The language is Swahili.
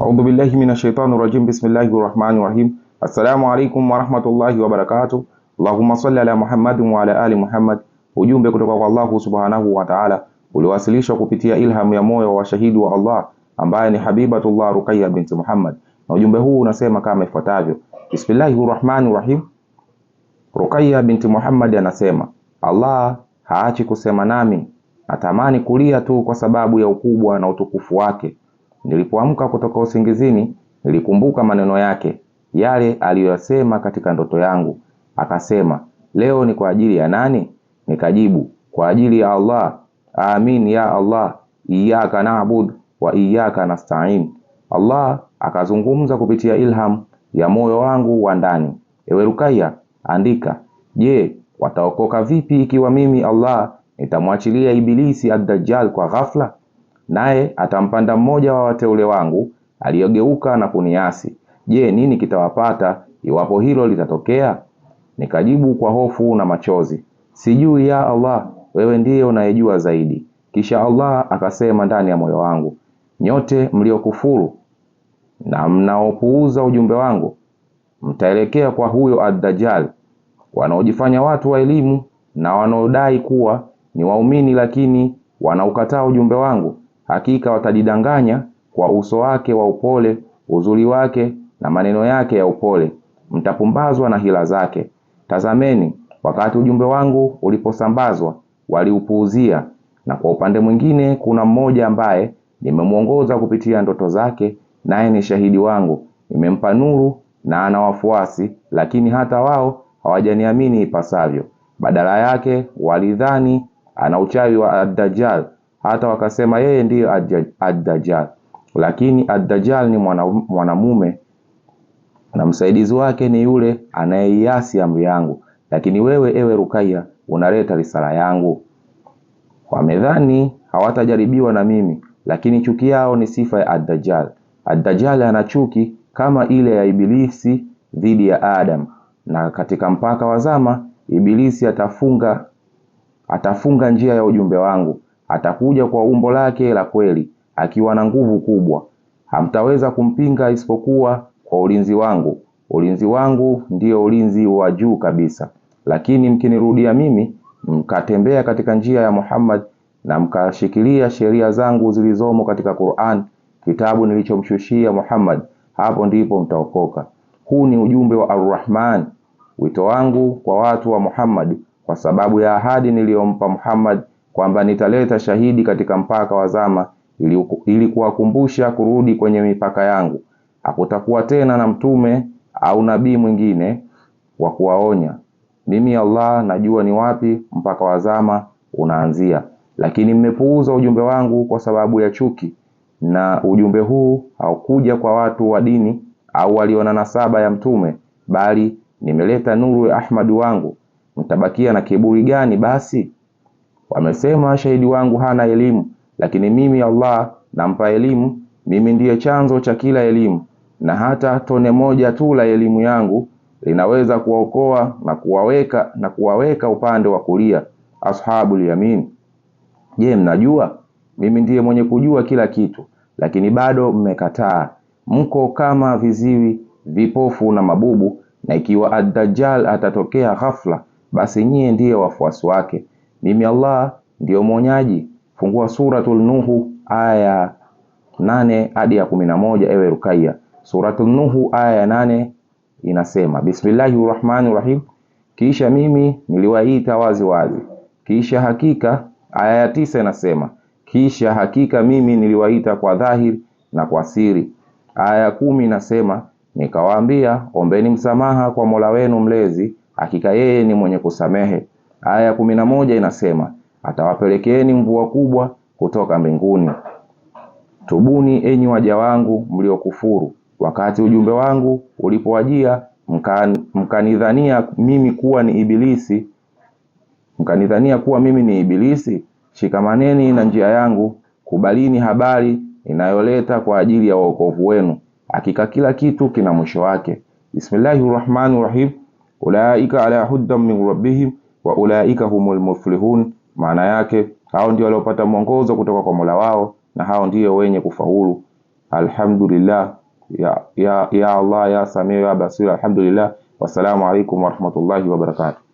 A'udhu billahi minashaitanir rajim. Bismillahir rahmanir rahim. Assalamu alaykum warahmatullahi wabarakatuh. Allahumma salli ala Muhammadin wa ala ali Muhammad. Ujumbe kutoka kwa Allahu subhanahu wa ta'ala uliowasilishwa kupitia ilham ya moyo wa washahidi wa Allah ambaye ni Habibatullah Ruqayya binti Muhammad, na ujumbe huu unasema kama ifuatavyo: Bismillahir Ruqayya binti Muhammad anasema, Allah haachi kusema nami, natamani kulia tu kwa sababu ya ukubwa na utukufu wake. Nilipoamka kutoka usingizini, nilikumbuka maneno yake, yale aliyoyasema katika ndoto yangu. Akasema, leo ni kwa ajili ya nani? Nikajibu, kwa ajili ya Allah. Amin ya Allah, iyaka nabud wa iyaka nastain. Allah akazungumza kupitia ilham ya moyo wangu wa ndani, ewe Rukaiya, andika. Je, wataokoka vipi ikiwa mimi Allah nitamwachilia Ibilisi ad kwa ghafla? naye atampanda mmoja wa wateule wangu aliyogeuka na kuniasi. Je, nini kitawapata iwapo hilo litatokea? Nikajibu kwa hofu na machozi, sijui ya Allah, wewe ndiye unayejua zaidi. Kisha Allah akasema ndani ya moyo wangu, nyote mliokufuru na mnaopuuza ujumbe wangu mtaelekea kwa huyo ad-Dajjal, wanaojifanya watu wa elimu na wanaodai kuwa ni waumini, lakini wanaukataa ujumbe wangu. Hakika watajidanganya kwa uso wake wa upole, uzuri wake na maneno yake ya upole, mtapumbazwa na hila zake. Tazameni, wakati ujumbe wangu uliposambazwa waliupuuzia, na kwa upande mwingine kuna mmoja ambaye nimemwongoza kupitia ndoto zake, naye ni shahidi wangu, nimempa nuru na ana wafuasi, lakini hata wao hawajaniamini ipasavyo. Badala yake walidhani ana uchawi wa ad hata wakasema yeye ndiyo ad-Dajjal. Lakini ad-Dajjal ni mwanamume na msaidizi wake ni yule anayeiasi amri yangu, lakini wewe ewe Rukaya unaleta risala yangu. Wamedhani hawatajaribiwa na mimi, lakini chuki yao ni sifa ya ad-Dajjal. Ad-Dajjal ana chuki kama ile ya Ibilisi dhidi ya Adam, na katika mpaka wa zama Ibilisi atafunga atafunga njia ya ujumbe wangu Atakuja kwa umbo lake la kweli akiwa na nguvu kubwa, hamtaweza kumpinga isipokuwa kwa ulinzi wangu. Ulinzi wangu ndiyo ulinzi wa juu kabisa. Lakini mkinirudia mimi, mkatembea katika njia ya Muhammad na mkashikilia sheria zangu zilizomo katika Qur'an, kitabu nilichomshushia Muhammad, hapo ndipo mtaokoka. Huu ni ujumbe wa Ar-Rahman, wito wangu kwa watu wa Muhammad, kwa sababu ya ahadi niliyompa Muhammad kwamba nitaleta shahidi katika mpaka wa zama ili kuwakumbusha kurudi kwenye mipaka yangu. Hakutakuwa tena na mtume au nabii mwingine wa kuwaonya. Mimi Allah najua ni wapi mpaka wa zama unaanzia, lakini mmepuuza ujumbe wangu kwa sababu ya chuki, na ujumbe huu haukuja kwa watu wa dini au waliona nasaba ya mtume, bali nimeleta nuru ya Ahmadi wangu. Mtabakia na kiburi gani basi? Wamesema, shahidi wangu hana elimu, lakini mimi Allah nampa elimu. Mimi ndiye chanzo cha kila elimu, na hata tone moja tu la elimu yangu linaweza kuwaokoa na kuwaweka na kuwaweka upande wa kulia ashabulyamin yamin. Je, mnajua mimi ndiye mwenye kujua kila kitu, lakini bado mmekataa. Mko kama viziwi, vipofu na mabubu. Na ikiwa ad-Dajjal atatokea ghafla, basi nyie ndiye wafuasi wake. Mimi Allah ndiyo mwonyaji. Fungua Suratul Nuhu aya ya nane hadi ya kumi na moja ewe Rukaiya. Suratul Nuhu aya ya nane inasema Bismillahir Rahim, kisha mimi niliwaita wazi wazi. Kisha hakika, aya ya tisa inasema kisha hakika mimi niliwaita kwa dhahiri na kwa siri. Aya ya kumi inasema nikawaambia, ombeni msamaha kwa Mola wenu Mlezi, hakika yeye ni mwenye kusamehe. Aya ya kumi na moja inasema atawapelekeeni mvua kubwa kutoka mbinguni. Tubuni enyi waja wangu mliokufuru, wakati ujumbe wangu ulipowajia, mkanidhania mkanidhania mimi kuwa ni Ibilisi, mkanidhania kuwa mimi ni Ibilisi. Shikamaneni na njia yangu, kubalini habari inayoleta kwa ajili ya wokovu wenu. Hakika kila kitu kina mwisho wake. Bismillahirrahmanirrahim. Ulaika ala hudan min rabbihim wa ulaika humul muflihun, maana yake hao ndio waliopata mwongozo kutoka kwa Mola wao na hao ndio wenye kufaulu. Alhamdulillah ya, ya, ya Allah ya Samiu ya Basir. Alhamdulillah. Wassalamu alaikum warahmatullahi wabarakatuh.